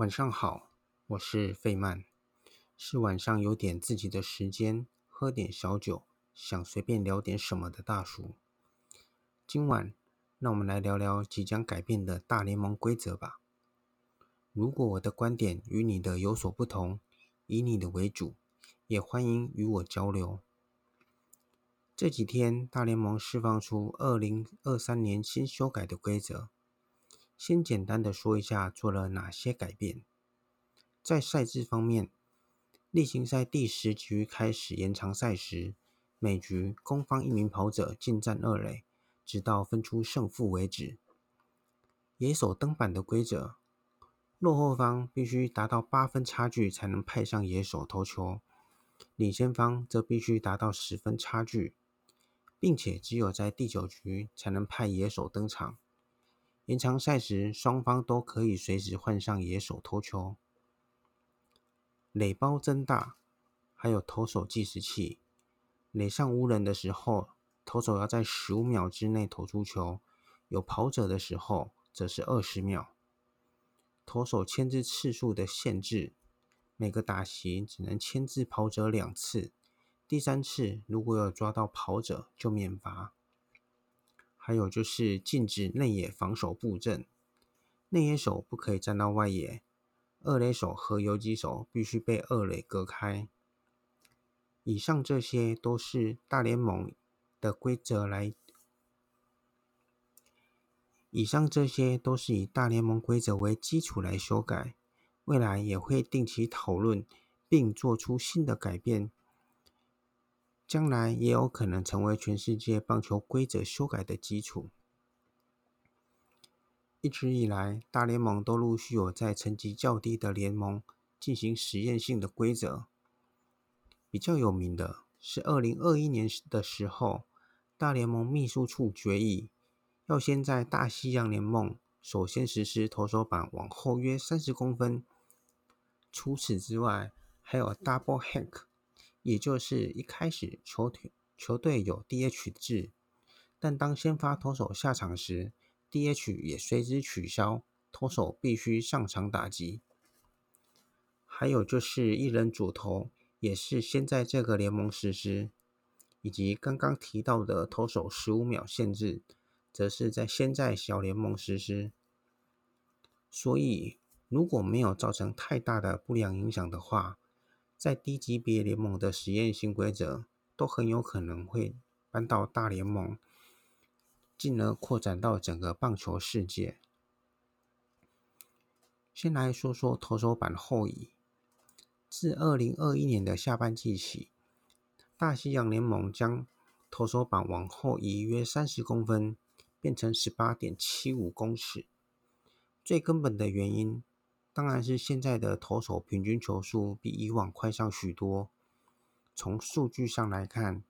晚上好，我是費曼，是晚上有點自己的時間，喝點小酒，想隨便聊點什麼的大叔。今晚，讓我們來聊聊即將改變的大聯盟規則吧。如果我的觀點與你的有所不同，以你的為主，也歡迎與我交流。這幾天，大聯盟釋放出2023年新修改的規則。先簡單的說一下做了哪些改變。在賽制方面，例行賽第十局開始延長賽時，每局攻方一名跑者進佔二壘，直到分出勝負為止。野手登板的規則，落後方必須達到八分差距才能派上野手投球，領先方則必須達到十分差距，並且只有在第九局才能派野手登場。延長賽時，雙方都可以隨時換上野手投球。壘包增大，還有投手計時器。壘上無人的時候，投手要在十五秒之內投出球；有跑者的時候，則是二十秒。投手牽制次數的限制，每個打席只能牽制跑者兩次，第三次如果有抓到跑者就免罰。還有就是禁止內野防守布陣，內野手不可以站到外野，二壘手和游擊手必須被二壘隔開。以上這些都是大聯盟的規則來，以上這些都是以大聯盟規則為基礎來修改，未來也會定期討論並做出新的改變。將來也有可能成為全世界棒球規則修改的基礎。一直以來，大聯盟都陸續有在層級較低的聯盟進行實驗性的規則。比較有名的是，二零二一年的時候，大聯盟秘書處決議要先在大西洋聯盟首先實施投手板往後約三十公分。除此之外，還有 Double Hank。也就是一開始球隊球隊有 DH 制，但當先發投手下場時，DH 也隨之取消，投手必須上場打擊。還有就是一人主投，也是先在這個聯盟實施，以及剛剛提到的投手十五秒限制，則是在現在小聯盟實施。所以，如果沒有造成太大的不良影響的話。在低級別聯盟的實驗性規則都很有可能會搬到大聯盟，進而擴展到整個棒球世界。先來說說投手板後移。自二零二一年的下半季起，大西洋聯盟將投手板往後移約三十公分，變成十八點七五公尺。最根本的原因。當然是現在的投手平均球速比以往快上許多。從數據上來看，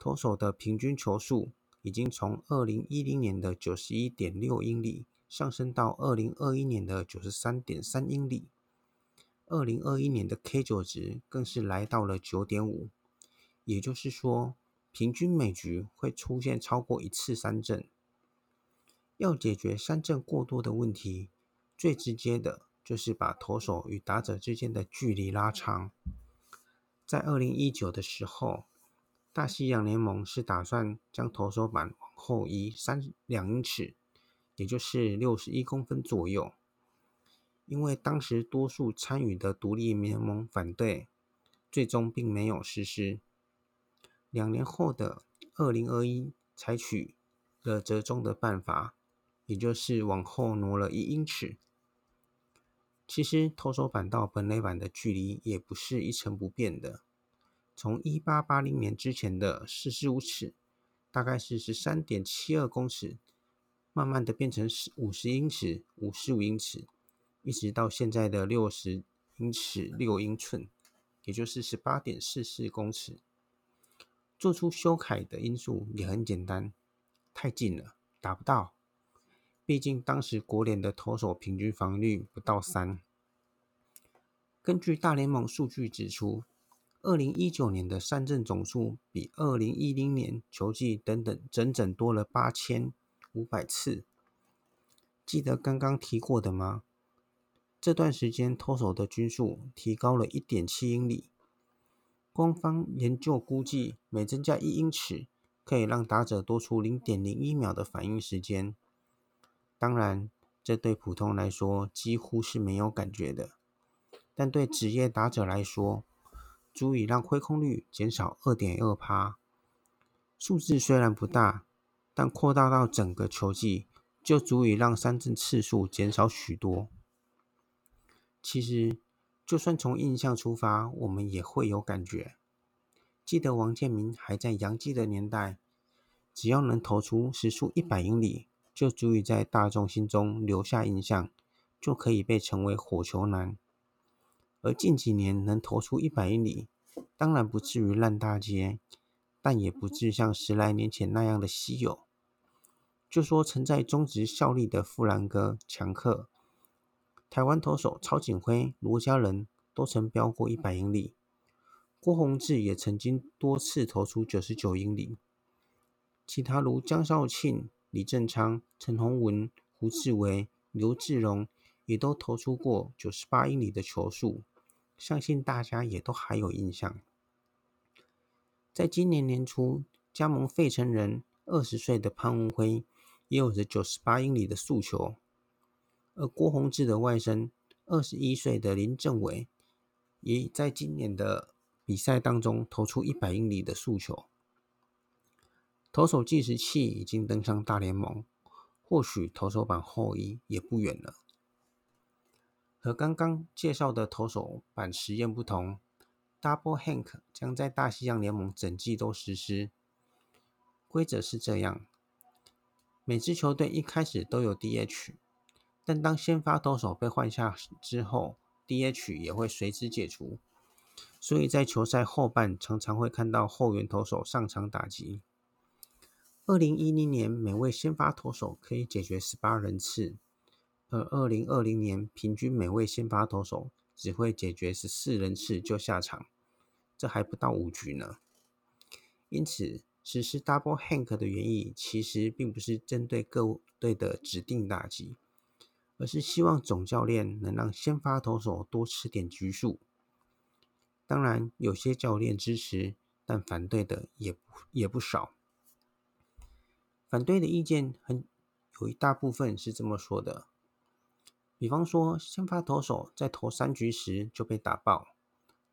投手的平均球速已經從二零一零年的九十一點六英里上升到二零二一年的九十三點三英里。二零二一年的 K 九值更是來到了九點五，也就是說，平均每局會出現超過一次三振。要解決三振過多的問題，最直接的。就是把投手與打者之間的距離拉長。在二零一九的時候，大西洋聯盟是打算將投手板往後移三兩英尺，也就是六十一公分左右。因為當時多數參與的獨立聯盟反對，最終並沒有實施。兩年後的二零二一，採取了折中的辦法，也就是往後挪了一英尺。其實，投手板到本壘板的距離也不是一成不變的。從一八八零年之前的四十五尺，大概是十三點七二公尺，慢慢的變成是五十英尺、五十五英尺，一直到現在的六十英尺六英寸，也就是十八點四四公尺。做出修改的因素也很簡單，太近了，達不到。畢竟當時國聯的投手平均防禦率不到三。根據大聯盟數據指出，二零一九年的上陣總數比二零一零年球季等等整整多了八千五百次。記得剛剛提過的嗎？這段時間投手的均速提高了一點七英里。官方研究估計，每增加一英尺，可以讓打者多出零點零一秒的反應時間。當然，這對普通來說幾乎是沒有感覺的，但對職業打者來說，足以讓揮空率減少二點二趴。數字雖然不大，但擴大到整個球季，就足以讓三振次數減少許多。其實，就算從印象出發，我們也會有感覺。記得王建民還在洋基的年代，只要能投出時速一百英里。就足以在大眾心中留下印象，就可以被稱為火球男。而近幾年能投出一百英里，當然不至於爛大街，但也不至於像十來年前那樣的稀有。就說曾在中職效力的富蘭哥、強克、台灣投手曹錦輝、羅嘉仁都曾飆過一百英里，郭泓志也曾經多次投出九十九英里。其他如江少慶。李振昌、陳鴻文、胡志偉、劉志榮也都投出過九十八英里的球速，相信大家也都還有印象。在今年年初加盟費城人，二十歲的潘文輝也有着九十八英里的速球，而郭泓志的外甥，二十一歲的林正偉，也在今年的比賽當中投出一百英里的速球。投手計時器已經登上大聯盟，或許投手板後移也不遠了。和剛剛介紹的投手板實驗不同，Double Hank 將在大西洋聯盟整季都實施。規則是這樣：每支球隊一開始都有 DH，但當先發投手被換下之後，DH 也會隨之解除。所以在球賽後半，常常會看到後援投手上場打擊。二零一零年，每位先發投手可以解決十八人次，而二零二零年，平均每位先發投手只會解決十四人次就下場，這還不到五局呢。因此，實施 Double Hank 的原意其實並不是針對各隊的指定打擊，而是希望總教練能讓先發投手多吃點局數。當然，有些教練支持，但反對的也不也不少。反對的意見很有一大部分是這麼說的，比方說，先發投手在投三局時就被打爆，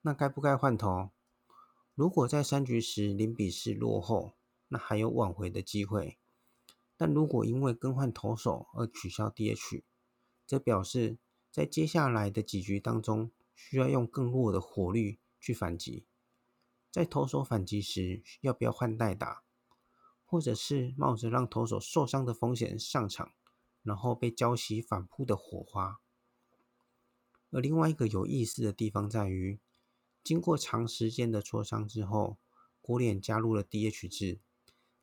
那該不該換投？如果在三局時零比四落後，那還有挽回的機會。但如果因為更換投手而取消 DH，則表示在接下來的幾局當中需要用更弱的火力去反擊。在投手反擊時，要不要換代打？或者是冒着讓投手受傷的風險上場，然後被澆熄反撲的火花。而另外一個有意思的地方在於，經過長時間的磋商之後，國聯加入了 DH 制，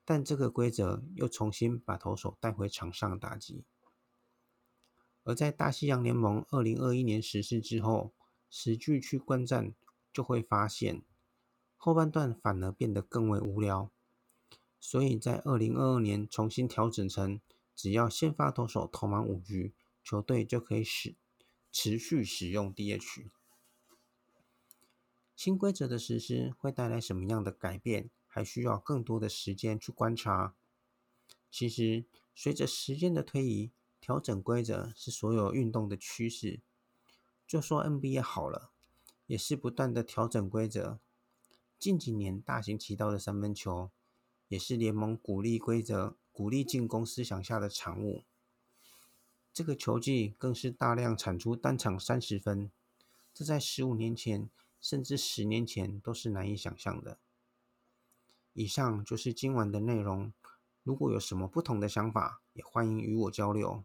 但這個規則又重新把投手帶回場上打擊。而在大西洋聯盟二零二一年實施之後，實際去觀戰就會發現，後半段反而變得更為無聊。所以在二零二二年重新調整成，只要先发投手投滿五局，球隊就可以使持續使用 DH。新規則的實施會帶來什麼樣的改變，還需要更多的時間去觀察。其實，隨着時間的推移，調整規則是所有運動的趨勢。就說 NBA 好了，也是不斷的調整規則。近幾年大行其道的三分球。也是聯盟鼓勵規則，鼓勵進攻思想下的產物。這個球技更是大量產出單場三十分，這在十五年前甚至十年前都是難以想象的。以上就是今晚的內容，如果有什麼不同的想法，也歡迎與我交流。